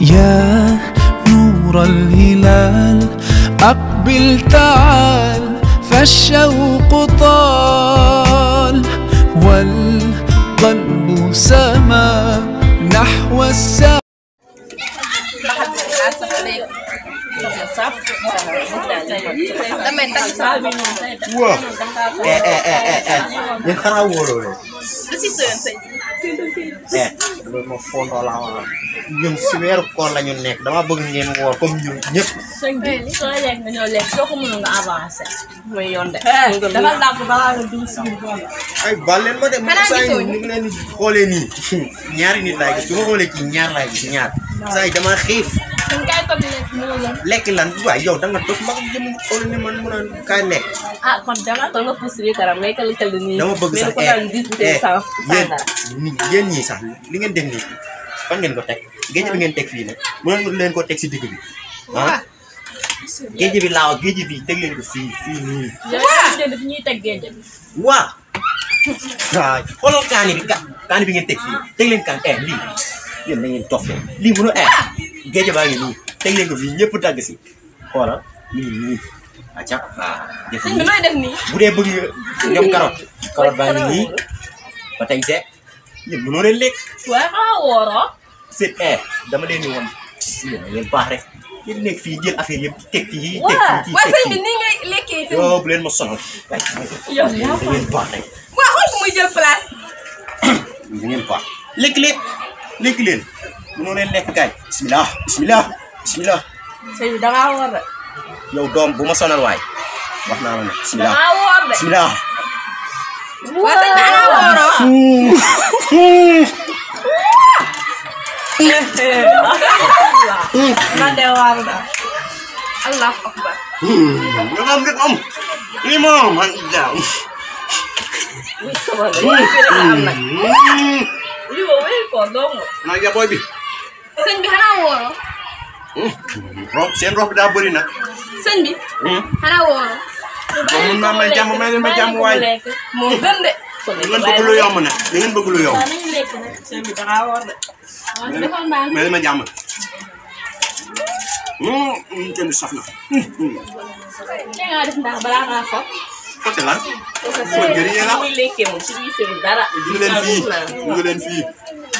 يا نور الهلال أقبل تعال فالشوق طال والقلب سما نحو السماء Wah, eh eh eh eh eh, yang kerawur lu si sëyoon sëñ bi ma fondoo laa wax ñun si weeru koor la ñu nekk dama bëgg ngeen woor comme ñun ñëpp. sëñ bi soo lekk nga ñëw lekk soo ko mënul nga avancé. mooy yoon de. dafa làmp balaa nga dugg si biir bool ay baal leen ma de ma saa yi ñu ngi leen di xoolee nii. ñaari nit laay gis su ma xoolee ci ñaar laay gis ñaar. saa yi dama xiif. lekk lan waaye yow da nga mag jëm xool ni a kaa lekk. ah kon dama toog nga pousse bi kanam ngay kàlla kàlla nii. dama bëgg sax eh, eh, yéen ñii sax li ngeen def nii fan ngeen ko teg. géej bi ngeen teg fii nag mënoon leen ko teg si digg bi. Ah, géej bi laaw géej bi teg leen ko fii fii nii. fi ñuy teg géej bi. waaw. waaw bi kaani bi teg leen kaan eh lii yéen da ngeen dof lii mënul eh, ngi nii. teg nañ ko fii ñëpp dagg si xoolal mi ngi nii acca waaw def nii bu dee bëgg nga ñoom carotte carotte baa ngi nii ba tey see yéen mënoo leen lekk waaw ah, wooroo c'est dama leen di woon yéen ngeen baax rek yéen nekk fii jël affaire yëpp teg fii teg fii waaw sëñ bi ni ngay lekkee yow bu leen ma sonal yow da ngeen baax rek waaw xool ko muy jël place da ngeen baax lekk leen lekk leen mënoo leen lekk gaay bismillah bismillah bismillah sëñ da nga woor yow ya dom bu ma sonal way wax na la ne bismillah bismillah hmm. da allah akbar hmm. ya, rox seen rox daa bëri nag. sëñ bi. Hmm? xanaa wóorul. moom mun naa may jàmm may leen ma jàmm waaye. moo gën de. li ngeen bëgg lu yomb nag li ngeen yomb. sëñ bi da ngaa wóor de. may leen ma jàmm. Hmm, hmm, kenn saf na. tey nga def ndax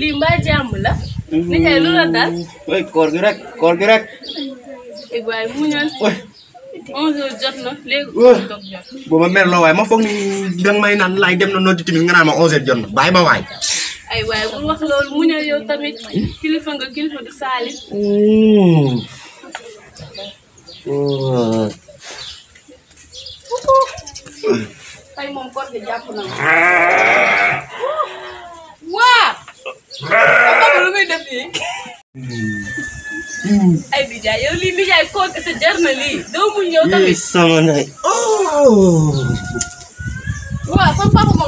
limba limbaji amula ninyelula ta oy korgirek korgirek igway muñal bố mà mẹ lo vậy mà phong đang may nắn lại đem nó nó tìm ngân hàng mà 11 giờ bye bye vậy ay waay bu wax loolu mu ñëw yow tamit kilifa nga kilifa du saali mm. uhuh. tey moom koor gi jàpp na ay nijaay yow lii oh!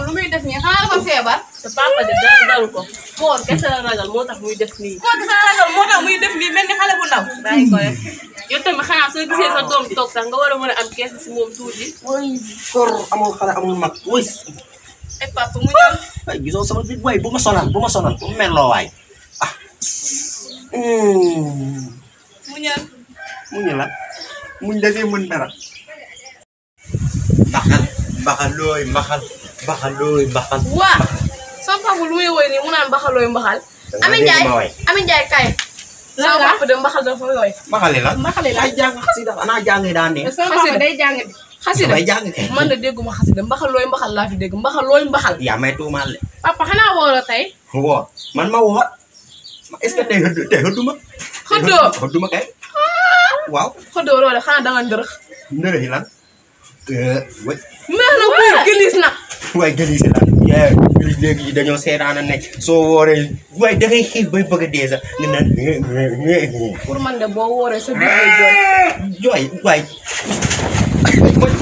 lu muy def nii xanaa dafa feebar. te papa de dara daru ko. koor kese la ragal moo tax muy def nii. koor kese la ragal moo tax muy def nii mel ni xale bu ndaw. xanaa soo gisee sa doom toog sax nga war a mën a am kees si moom tuuti. mooy amul xale amul mag wëy. Eh, papo mo na. Ay, gusto ko sa mga boy. Bumasonan, bumasonan. Umelo, ay. Ah. Mm. Munya. Munya lang. Munya si Mundara. Bakal, bakaloy, bakal, bakaloy, Wah! Saan bulu buluwi woy ni munan bakaloy, bakal? Amin jay, amin jay kay. Saan pa pudong bakal daw woy? Bakal ilan? Bakal ilan. Ya, ya, sih, jangan. Sida, anak jangan dani. Saan pa pudong jangan xasida damay jàng kay man de dégguma xasida mbaxal looy mbaxal laa fi dégg mbaxal looy mbaxal ya may tuumaal le papa xanaa wooro tey woo man ma woor est-ce que tey xëdd tey xëdduma xëddoo xëdduma kay ah. waaw xëddoo loolu xanaa danga ndërëx ndërëxi lan wa euh, mais na kuy ah. gëlis na waay gëlis la yee gëlis léegi yi dañoo seetaan a nekk soo wooree waay da ngay xiif bay bëgg a dee sax pour man de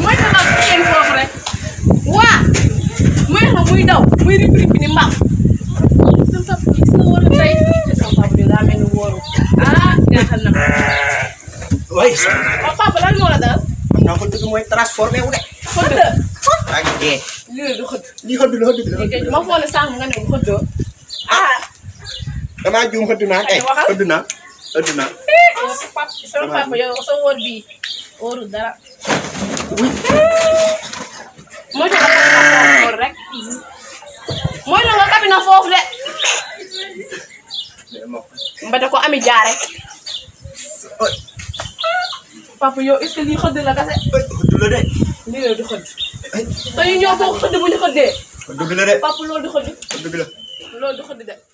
mooy taxaw ci seen foofu rek waa muy xam muy daw muy rip rip ni mbaaw sam sa gis nga wóoru tey sam papa di daa mel ni wóoru ah jaaxal na way waaw papa lan moo la dal naa ko dëgg mooy transformé wu de xëdd ak dee lii du xëdd lii xëdd la xëdd la ma foole sànq nga ne xëdd ah damaa juum xëdd naa kay xëdd naa xëdd naa sama papa yow sa wóor bii wóoru dara mooy tax nga foofu de mbate ko ami jaare papa yow est-ce que lii xëdd la kase de lii loolu di xëdd xëdd bi la loolu di xëdd de